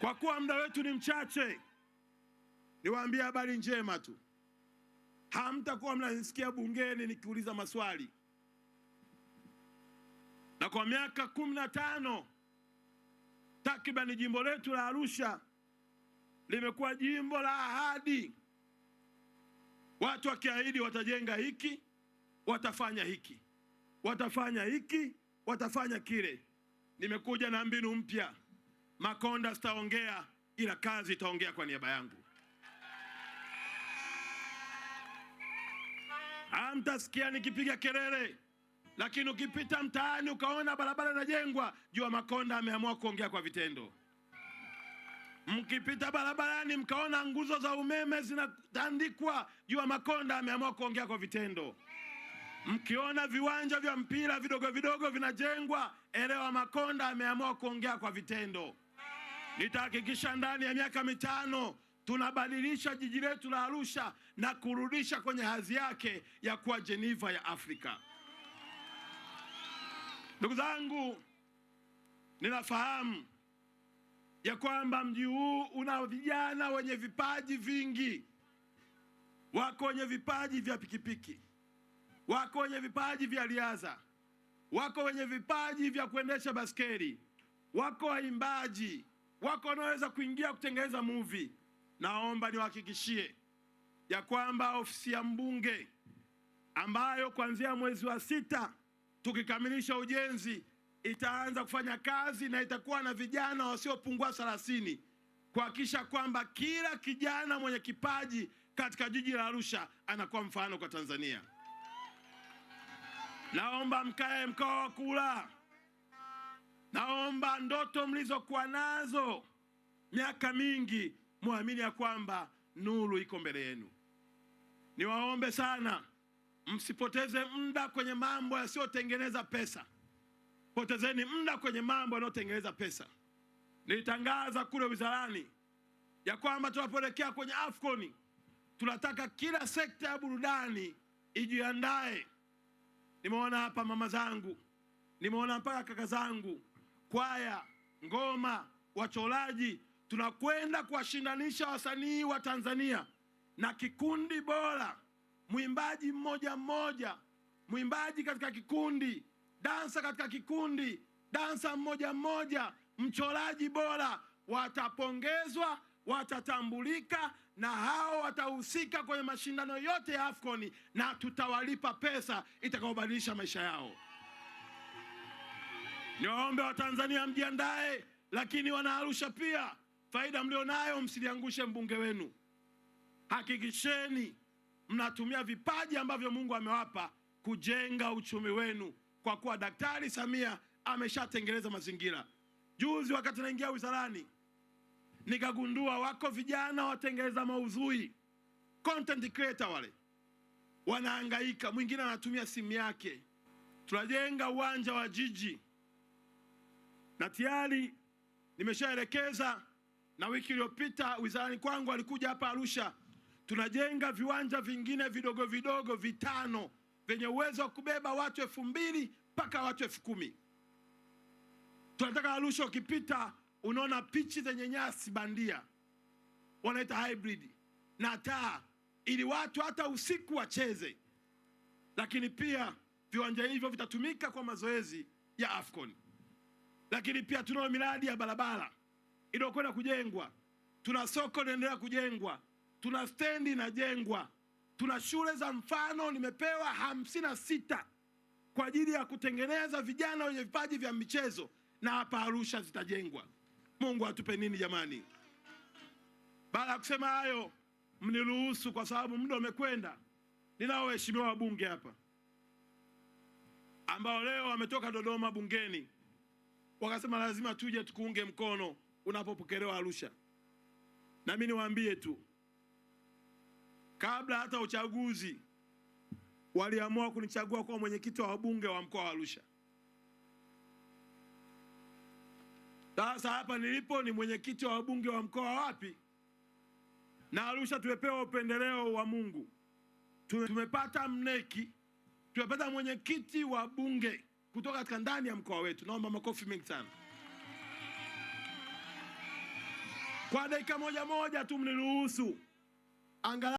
Kwa kuwa muda wetu ni mchache, niwaambie habari njema tu. Hamtakuwa mnanisikia bungeni nikiuliza maswali, na kwa miaka kumi na tano takribani jimbo letu la Arusha limekuwa jimbo la ahadi, watu wakiahidi watajenga hiki, watafanya hiki, watafanya hiki, watafanya kile. Nimekuja na mbinu mpya. Makonda sitaongea, ila kazi itaongea kwa niaba yangu. Hamtasikia nikipiga kelele, lakini ukipita mtaani ukaona barabara inajengwa, jua Makonda ameamua kuongea kwa vitendo. Mkipita barabarani mkaona nguzo za umeme zinatandikwa, jua Makonda ameamua kuongea kwa vitendo. Mkiona viwanja vya mpira vidogo vidogo vinajengwa, elewa Makonda ameamua kuongea kwa vitendo. Nitahakikisha ndani ya miaka mitano tunabadilisha jiji letu la Arusha na kurudisha kwenye hadhi yake ya kuwa Geneva ya Afrika. Ndugu zangu, ninafahamu ya kwamba mji huu una vijana wenye vipaji vingi. Wako wenye vipaji vya pikipiki, wako wenye vipaji vya riadha, wako wenye vipaji vya kuendesha baskeli, wako waimbaji, wako wanaoweza kuingia kutengeneza mvi Naomba niwahakikishie ya kwamba ofisi ya mbunge ambayo kuanzia mwezi wa sita tukikamilisha ujenzi itaanza kufanya kazi na itakuwa na vijana wasiopungua thelathini kuhakikisha kwamba kila kijana mwenye kipaji katika jiji la Arusha anakuwa mfano kwa Tanzania. Naomba mkae mkao wa kula Naomba ndoto mlizokuwa nazo miaka mingi muamini ya kwamba nuru iko mbele yenu. Niwaombe sana msipoteze muda kwenye mambo yasiyotengeneza pesa. Potezeni muda kwenye mambo yanayotengeneza pesa. Nilitangaza kule wizarani ya kwamba tunapoelekea kwenye Afcon tunataka kila sekta ya burudani ijiandae. Nimeona hapa mama zangu, nimeona mpaka kaka zangu kwaya, ngoma, wacholaji tunakwenda kuwashindanisha wasanii wa Tanzania na kikundi bora, mwimbaji mmoja mmoja, mwimbaji katika kikundi, dansa katika kikundi, dansa mmoja mmoja, mcholaji bora, watapongezwa watatambulika na hao watahusika kwenye mashindano yote ya AFCON na tutawalipa pesa itakayobadilisha maisha yao. Niwaombe Watanzania mjiandae, lakini Wanaarusha pia, faida mlionayo msiliangushe mbunge wenu. Hakikisheni mnatumia vipaji ambavyo Mungu amewapa kujenga uchumi wenu, kwa kuwa Daktari Samia ameshatengeneza mazingira. Juzi wakati naingia wizarani, nikagundua wako vijana watengeneza maudhui, content creator wale wanaangaika, mwingine anatumia simu yake. Tunajenga uwanja wa jiji na tayari nimeshaelekeza, na wiki iliyopita wizarani kwangu alikuja hapa Arusha, tunajenga viwanja vingine vidogo vidogo vitano vyenye uwezo wa kubeba watu elfu mbili mpaka watu elfu kumi. Tunataka Arusha ukipita unaona pichi zenye nyasi bandia wanaita hybrid na taa, ili watu hata usiku wacheze. Lakini pia viwanja hivyo vitatumika kwa mazoezi ya AFCON lakini pia tunayo miradi ya barabara iliyokwenda kujengwa, tuna soko linaendelea kujengwa, tuna stendi inajengwa, tuna shule za mfano nimepewa hamsini na sita kwa ajili ya kutengeneza vijana wenye vipaji vya michezo na hapa Arusha zitajengwa. Mungu atupe nini jamani? Baada ya kusema hayo, mniruhusu kwa sababu muda umekwenda. Ninao waheshimiwa wabunge hapa ambao leo wametoka Dodoma bungeni wakasema lazima tuje tukuunge mkono unapopokelewa Arusha. Na mimi niwaambie tu, kabla hata uchaguzi waliamua kunichagua kuwa mwenyekiti wa wabunge wa mkoa wa Arusha. Sasa hapa nilipo ni mwenyekiti wa wabunge wa mkoa wapi? Na Arusha tumepewa upendeleo wa Mungu, tumepata mneki, tumepata mwenyekiti wa bunge kutoka katika ndani ya mkoa wetu. Naomba makofi mengi sana. Kwa dakika moja moja tu mniruhusu angalau